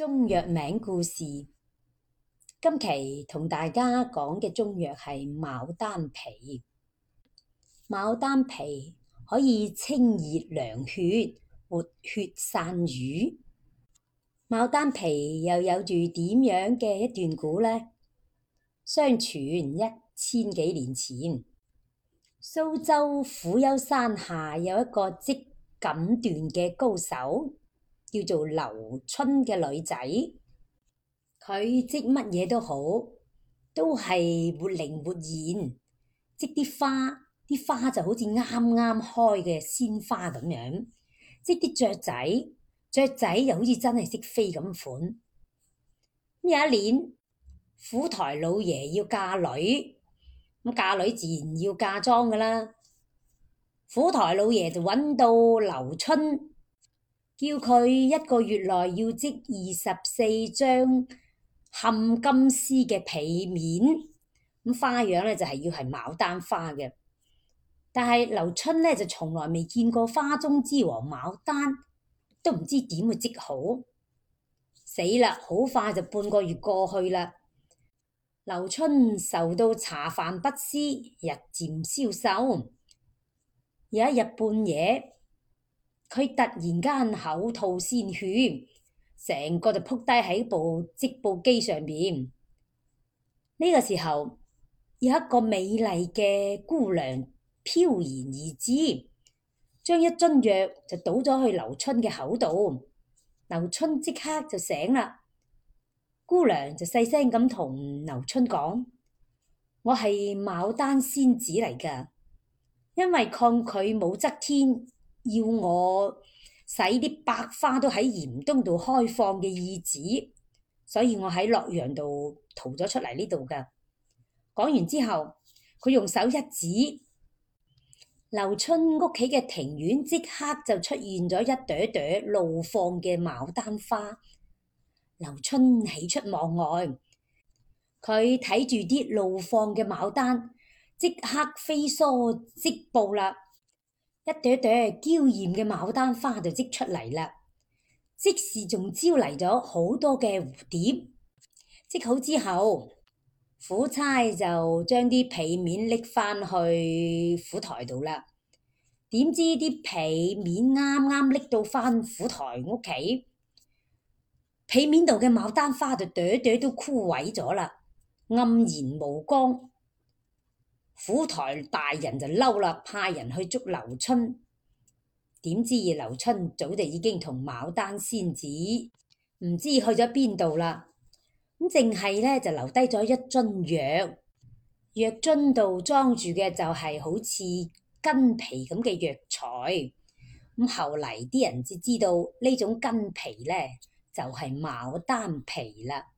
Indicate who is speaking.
Speaker 1: 中藥名故事，今期同大家講嘅中藥係牡丹皮。牡丹皮可以清熱涼血、活血散瘀。牡丹皮又有住點樣嘅一段古呢？相傳一千幾年前，蘇州虎丘山下有一個織錦緞嘅高手。叫做劉春嘅女仔，佢織乜嘢都好，都係活靈活現。織啲花，啲花就好似啱啱開嘅鮮花咁樣；織啲雀仔，雀仔又好似真係識飛咁款。有一年，府台老爺要嫁女，咁嫁女自然要嫁妝噶啦。府台老爺就揾到劉春。叫佢一個月內要織二十四張含金絲嘅被面，咁花樣呢就係要係牡丹花嘅。但係劉春呢，就從來未見過花中之王牡丹，都唔知點去織好，死啦！好快就半個月過去啦。劉春受到茶飯不思，日漸消瘦。有一日半夜，佢突然間口吐鮮血，成個就撲低喺部織布機上邊。呢個時候，有一個美麗嘅姑娘飄然而至，將一樽藥就倒咗去劉春嘅口度。劉春即刻就醒啦。姑娘就細聲咁同劉春講：我係牡丹仙子嚟㗎，因為抗拒武則天。要我使啲百花都喺嚴冬度開放嘅意旨，所以我喺洛陽度逃咗出嚟呢度噶。講完之後，佢用手一指，劉春屋企嘅庭院即刻就出現咗一朵朵怒放嘅牡丹花。劉春喜出望外，佢睇住啲怒放嘅牡丹，即刻飛梭織布啦。一朵朵嬌艷嘅牡丹花就織出嚟啦，即時仲招嚟咗好多嘅蝴蝶。織好之後，府差就將啲被面拎返去府台度啦。點知啲被面啱啱拎到返府台屋企，被面度嘅牡丹花就朵朵都枯萎咗啦，黯然無光。府台大人就嬲啦，派人去捉劉春，點知嘢劉春早就已經同牡丹仙子唔知去咗邊度啦。咁淨係呢就留低咗一樽藥，藥樽度裝住嘅就係好似根皮咁嘅藥材。咁後嚟啲人至知道呢種根皮呢，就係牡丹皮啦。